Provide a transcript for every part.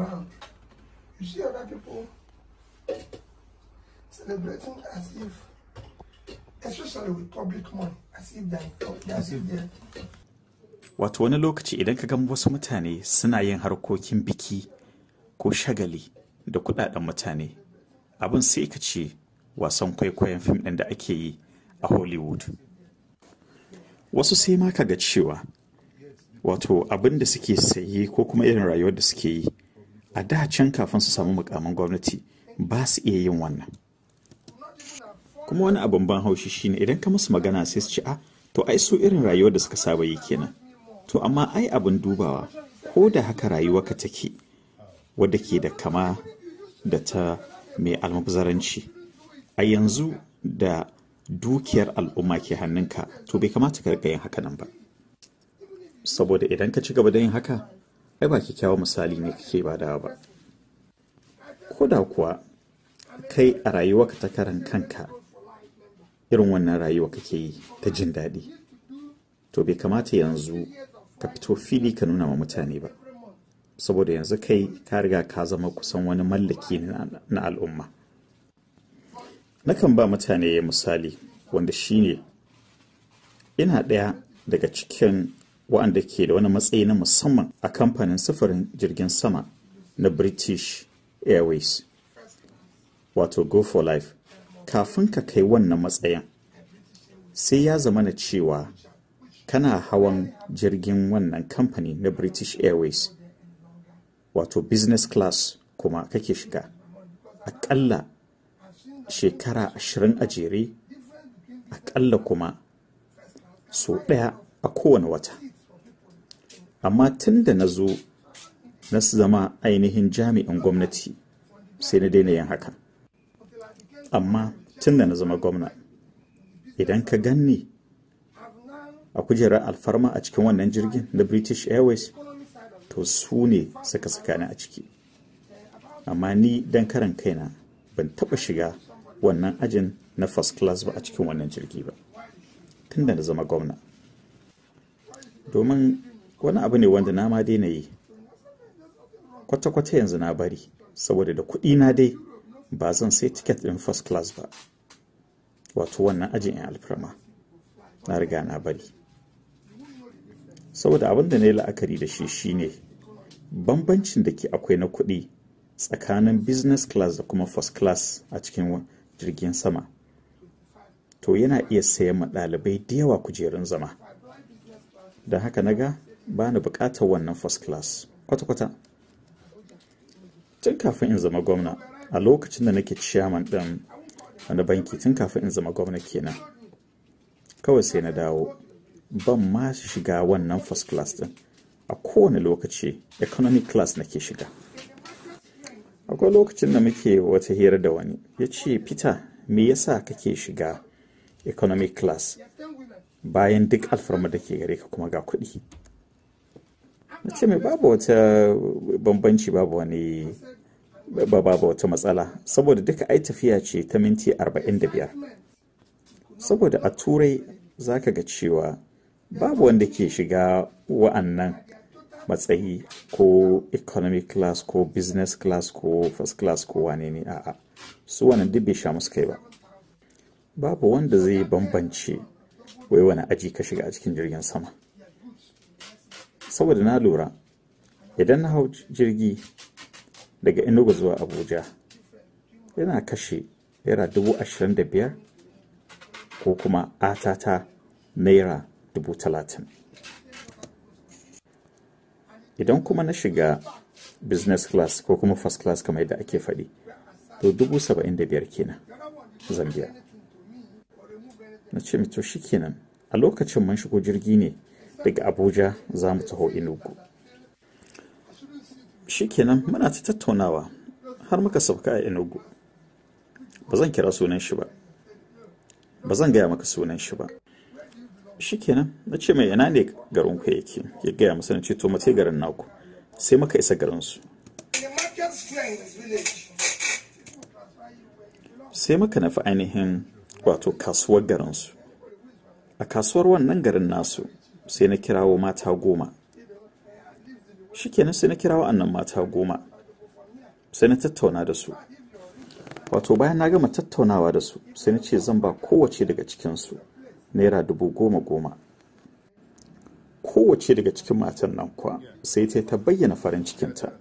around, you see other people celebrating as if, especially with public money, as if they're, as if they're Wato wani lokaci idan ka gama wasu mutane suna yin harkokin biki ko shagali da kudaden mutane abin sai ka ce wasan kwaikwayon fim ɗin da ake yi a Hollywood. Wasu sai ma ka ga cewa wato abin da suke saye ko kuma irin rayuwar da suke yi a da can kafin su samu mukamin gwamnati ba su iya yin wannan kuma wani abin ban haushi shine idan ka musu magana sai su ci a ah, to ai su irin rayuwar da suka saba yi kenan to amma ai abin dubawa ko da haka ka take wadda ke da kama da ta mai almubzaranci a yanzu da dukiyar al'umma ke hannunka to bai kamata ka yin haka nan ba saboda idan ka ci gaba da yin haka ai ba kyakkyawan misali ne kake badawa ba ko da kuwa kai a rayuwa ka ta karan kanka irin wannan rayuwa kake yi ta jin daɗi to bai kamata yanzu ka fito fili ka nuna ma mutane ba saboda yanzu kai ka riga ka zama kusan wani mallaki na al'umma nakan ba mutane misali wanda shine ina ɗaya daga cikin waɗanda ke da wani matsayi na musamman a kamfanin sufurin jirgin sama na British Airways. Wato Go for Life, kafin ka kai wannan matsayin, sai ya zama na cewa kana hawan jirgin wannan kamfani na British Airways, wato business class kuma kake shiga. Aƙalla shekara ashirin a jere, aƙalla kuma so ɗaya a kowane wata. amma tun da na zo na zama ainihin jami'in gwamnati sai na daina yin haka amma tun da na zama gwamna idan ka ganni a kujerar alfarma a cikin wannan jirgin na british airways to su ne suka saka ni a ciki amma ni dan karan kaina ban taba shiga wannan ajin na first class ba a cikin wannan jirgi ba tun da na zama gwamna domin wani abu ne wanda na ma daina yi kwata-kwata yanzu na bari saboda da kuɗi na dai ba zan sai tiket ɗin first class ba wato wannan ajin yan alfarma na riga na bari saboda abin da na yi la'akari da shi shine bambancin da ke akwai na kuɗi tsakanin business class da kuma first class a cikin jirgin sama to yana iya sayan ma ɗalibai da yawa kujerun zama don haka na ga ba ni bukatar wannan first class kwata-kwata tun kafin in zama gwamna a lokacin da nake chairman din wani banki tun kafin in zama gwamna kenan kawai sai na dawo ban ma shiga wannan first class din a kowane lokaci economy class nake shiga akwai lokacin da muke wata hira da wani ya ce peter me yasa kake shiga economic class bayan duk alfarma da ke gare ka kuma ga kuɗi na ce mai babu wata bambanci babu wani babu wata matsala saboda duka ai tafiya ce ta minti 45 saboda a turai za ka ga cewa babu wanda ke shiga wa'annan matsayi ko economic class ko business class ko first class ko wane ne a'a su wani dubbe bai sha musu kai ba babu wanda zai bambance wai wani aji ka shiga a cikin jirgin sama saboda na lura idan na hau jirgi daga enugu zuwa abuja yana kashe naira dubu ashirin da biyar ko kuma atata naira dubu talatin idan kuma na shiga business class ko kuma first class kamar yadda ake faɗi to dubu saba'in da biyar kenan zambia na ce mito shi kenan a lokacin man shigo jirgi ne daga abuja za mu taho inugu shikenan muna ta tattaunawa har muka sauka a inugu ba zan kira sunan shi ba ba zan gaya maka sunan shi ba shikenan na ce mai yana ne garin ku yake ya gaya masana na ce to mace garin naku sai muka isa garin su sai muka nafi ainihin wato kasuwar garin su a kasuwar wannan garin nasu sai na kirawo mata goma shikenan sai na kirawo annan mata goma sai na tattauna da su wato bayan na gama tattaunawa da su sai na ce zan ba kowace daga cikinsu naira dubu goma goma kowace daga cikin matan nan kuwa sai ta ta bayyana farin cikinta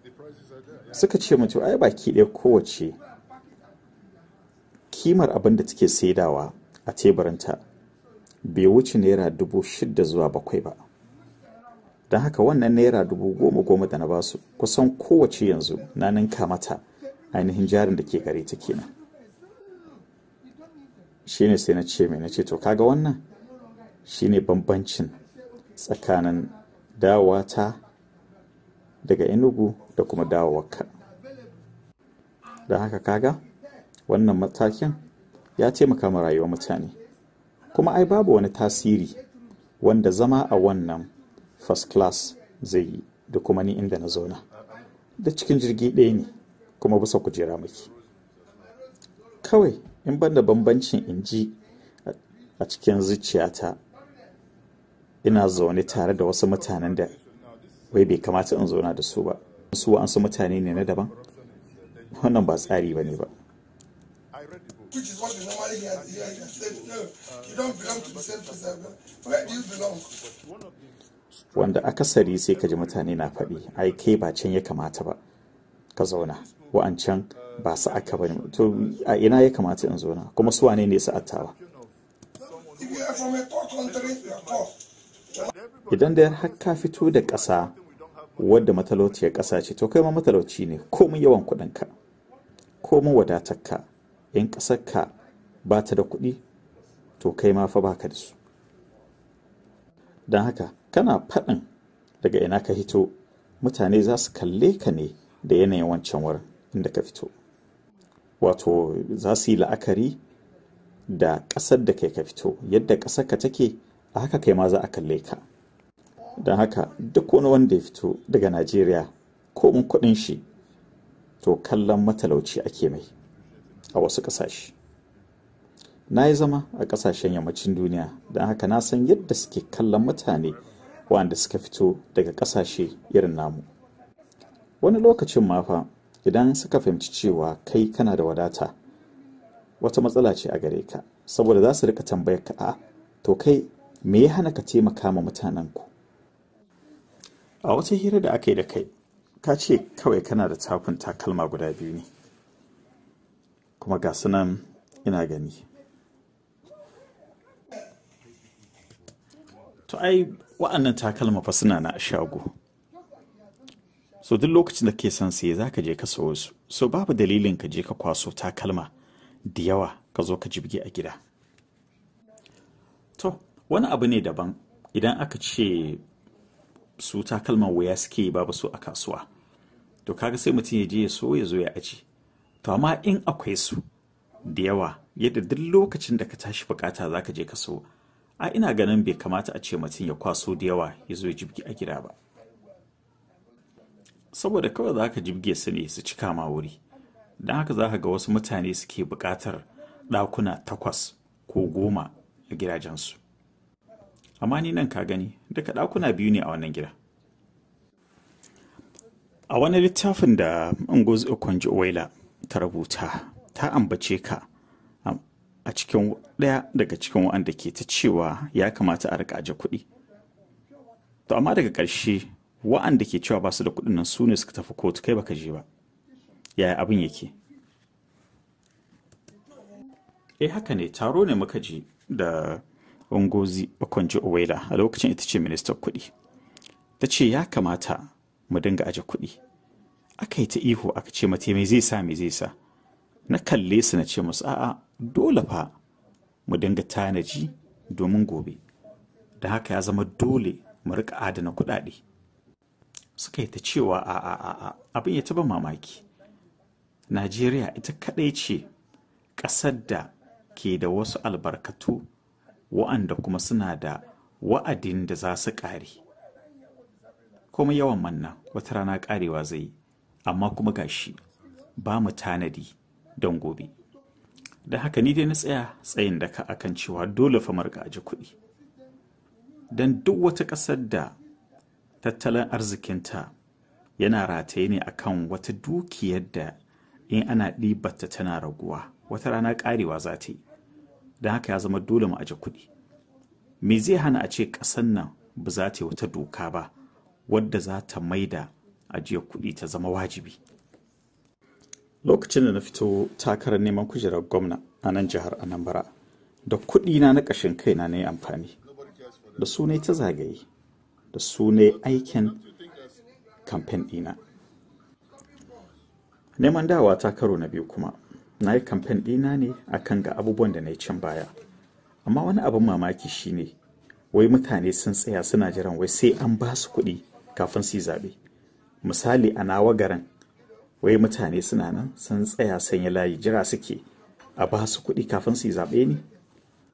suka ce mace ai baki ɗaya kowace kimar abin da take saidawa a teburinta bai wuce naira dubu shida zuwa bakwai ba don haka wannan naira dubu goma goma da na basu kusan kowace yanzu na ninka mata ainihin jarin da ke gare ta kenan shine sai na ce mai na ce to kaga wannan shine bambancin tsakanin dawata daga enugu da kuma dawowarka don haka kaga wannan matakin ya taimaka ma rayuwar mutane kuma ai babu wani tasiri wanda zama a wannan first class zai yi da kuma ni inda na zauna da cikin jirgi ɗaya ne kuma bisa kujera maki kawai in banda bambancin in ji a cikin zuciyata ina zaune tare da wasu mutanen da wai bai kamata in zauna da su ba su wa'ansu mutane ne na daban wannan ba tsari ba ne ba which is what you normally hear at the hearing. I said, no, you don't belong to the same preserve. Where do you belong? Wanda akasari sai ka ji mutane na faɗi, ai kai ba can ya kamata ba, ka zauna, wa'ancan ba su aka bane to a ina ya kamata in zauna kuma su wane ne sa'attawa idan da har ka fito da ƙasa wadda matalauciyar ƙasa ce to kai ma matalauci ne komin yawan kuɗinka komin wadatarka in ƙasarka ba ta da kuɗi to kai ma fa baka da su don haka kana faɗin daga ina ka hito mutane za su kalle ka ne da yanayin wancan wurin inda ka fito wato za su yi la'akari da ƙasar da kai ka fito yadda ƙasar ka take a haka kai ma za a kalle ka don haka duk wani wanda ya fito daga najeriya ko in kuɗin shi to kallon matalauci ake mai a wasu ƙasashe na yi zama a ƙasashen yammacin duniya don haka na san yadda suke kallon mutane waɗanda suka fito daga ƙasashe irin namu wani lokacin mafa idan suka fahimci cewa kai kana da wadata wata matsala ce a gare ka saboda za su rika tambayar ka a to kai me ya hana ka taimaka ma mutanen ku a wata hira da aka yi da kai ka ce kawai kana da takun takalma guda biyu ne kuma ga sunan ina gani to ai wa'annan takalma fa suna na shago so duk lokacin da ke san sai za ka je ka sayo su so babu dalilin ka je ka kwaso takalma da yawa ka zo ka jibge a gida to wani abu ne daban idan aka ce su takalman wuya suke babu su a kasuwa to kaga sai mutum ya je ya so ya zo ya aji to amma in akwai su da yawa yadda duk lokacin da ka tashi bukata za ka je ka so a ina ganin bai kamata a ce mutum ya kwaso da yawa ya zo ya jibgi a gida ba saboda kawai za ka jibge su ne su cika ma wuri don haka za ka ga wasu mutane suke buƙatar ɗakuna takwas ko goma a gidajensu amma ni nan ka gani duka ɗakuna biyu ne a wannan gida a wani littafin da ungozi okonjo ta rubuta ta ambace ka a cikin ɗaya daga cikin wanda ke ta cewa ya kamata a rika aje kuɗi to amma daga ƙarshe wa'anda ke cewa ba su da kuɗin nan su ne suka tafi kotu kai baka je ba yaya abin yake eh haka ne taro ne muka je da ungozi okonjo owela a lokacin ita ce ministan kuɗi ta ce ya kamata mu dinga aje kuɗi aka yi ta ihu aka ce mata mai zai sa mai zai sa na kalle su na ce masu a'a dole fa mu dinga tanaji domin gobe da haka ya zama dole mu rika adana kuɗaɗe suka yi ta cewa a a a abin ya taba mamaki najeriya ita kaɗai ce ƙasar da ke da wasu albarkatu wa'anda kuma suna da wa'adin da za su ƙare kuma yawan manna wata rana ƙarewa zai yi amma kuma gashi ba mu tanadi don gobe da haka ni dai na tsaya tsayin daka akan cewa dole fa marga aji kuɗi don duk wata ƙasar da tattalin arzikinta yana rataye ne akan wata dukiyar da in ana ɗibarta tana raguwa wata rana ƙarewa za ta yi don haka ya zama dole mu aje kuɗi me zai hana a ce ƙasar nan ba za ta yi wata doka ba wadda za ta maida ajiyar kuɗi ta zama wajibi lokacin da na fito takarar neman kujerar gwamna a nan jihar anambra da kuɗina na ƙashin kaina na yi amfani da su ne ta zagaye da su ne aikin kamfen ɗina neman dawa ta karo na biyu kuma na yi kamfen ɗina ne akan ga abubuwan da na yi cin baya amma wani abin mamaki shi ne wai mutane sun tsaya suna jiran wai sai an ba su kuɗi kafin su yi zaɓe misali a nawa garin wai mutane suna nan sun tsaya sanya layi jira suke a ba su kuɗi kafin su yi zaɓe ne.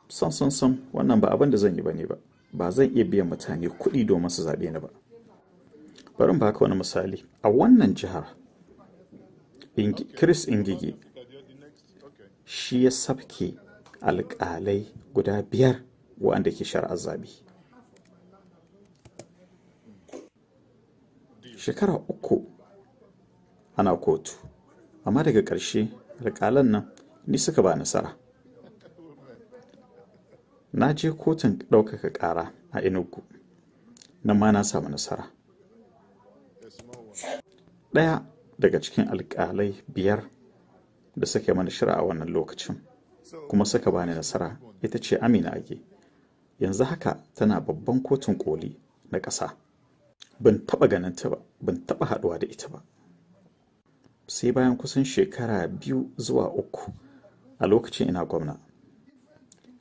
son son son wannan ba abin da zan yi ba ne ba ba zan iya biyan mutane kuɗi domin su zaɓe ni ba bari ba ka wani misali a wannan jihar chris ingigi shi ya sabke alƙalai guda biyar waɗanda ke shari'ar zaɓe shekara uku ana kotu amma daga ƙarshe alƙalan nan ni suka ba nasara na je kotun ɗaukaka ƙara a inugu nan ma na samu nasara ɗaya daga cikin alƙalai biyar da suka mana shira a wannan lokacin kuma suka bani nasara ita ce amina age yanzu haka tana babban kotun koli na ƙasa ban taɓa ganin ta ba ban taɓa haɗuwa da ita ba sai bayan kusan shekara biyu zuwa uku a lokacin ina gwamna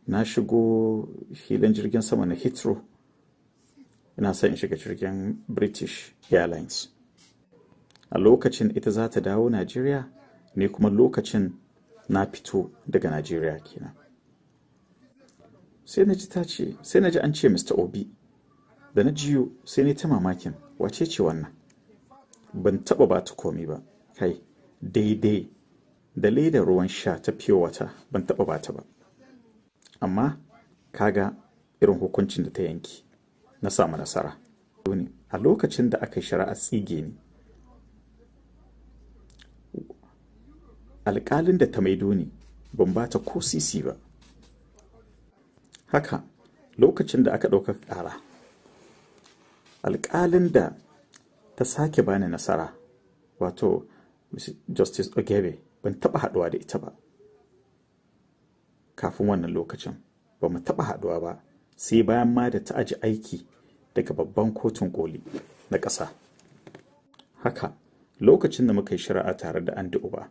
na shigo filin jirgin sama na hitro ina son in shiga jirgin british airlines a lokacin ita za ta dawo najeriya ne kuma lokacin na fito daga najeriya kenan sai na ji an ce mr obi da na jiyo sai ne ta mamakin wace ce wannan ban taba ba ta komi ba kai daidai da ledar ruwan sha ta fiye wata ban taba ba ta ba amma kaga irin hukuncin da ta yanki na samu nasara a lokacin da aka shari'a tsige ni alƙalin da ta maido ne ban ba ta ko sisi ba haka lokacin da aka ɗaukar ƙara alƙalin da ta sake bani nasara wato justice ogebe ban taɓa haɗuwa da ita ba kafin wannan lokacin ba mu taɓa haɗuwa ba sai bayan ma da ta aji aiki daga babban kotun koli na ƙasa haka lokacin da muka yi shari'a tare da andi uba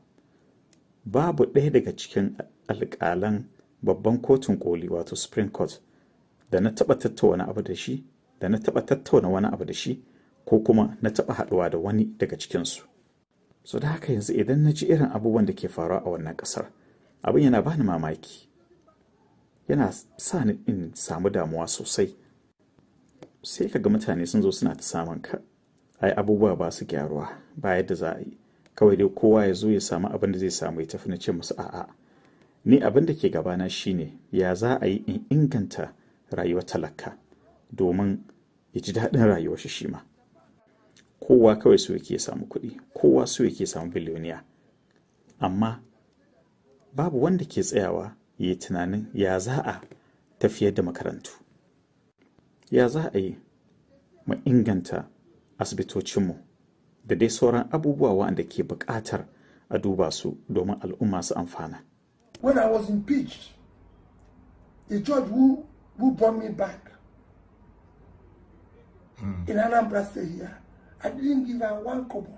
babu ɗaya daga cikin alƙalan babban kotun koli wato supreme court da na taɓa tattauna abu da shi da na taɓa tattauna wani abu da shi ko kuma na taɓa haɗuwa da wani daga cikinsu. So da haka yanzu idan na ji irin abubuwan da ke faruwa a wannan ƙasar, abin yana bani mamaki. Yana sa ni in samu damuwa sosai. Sai ka ga mutane sun zo suna ta samun ka. Ai abubuwa ba su gyaruwa, ba yadda za a yi. Kawai dai kowa ya zo ya samu abin da zai samu ya tafi na ce musu a'a. Ni abin da ke gabana shine ya za a yi in inganta rayuwar talaka. domin ya ji daɗin rayuwar shi ma. kowa kawai so yake samu kuɗi kowa so yake samu biliyoniya amma babu wanda ke tsayawa ya yi tunanin ya za a tafiyar da makarantu ya za a yi mu inganta asibitocinmu da dai sauran abubuwa wanda ke buƙatar a duba su domin al'umma su amfana. When I was impeached, a judge who, who brought me back mm. in Anambra State here. I didn't give her one kobo.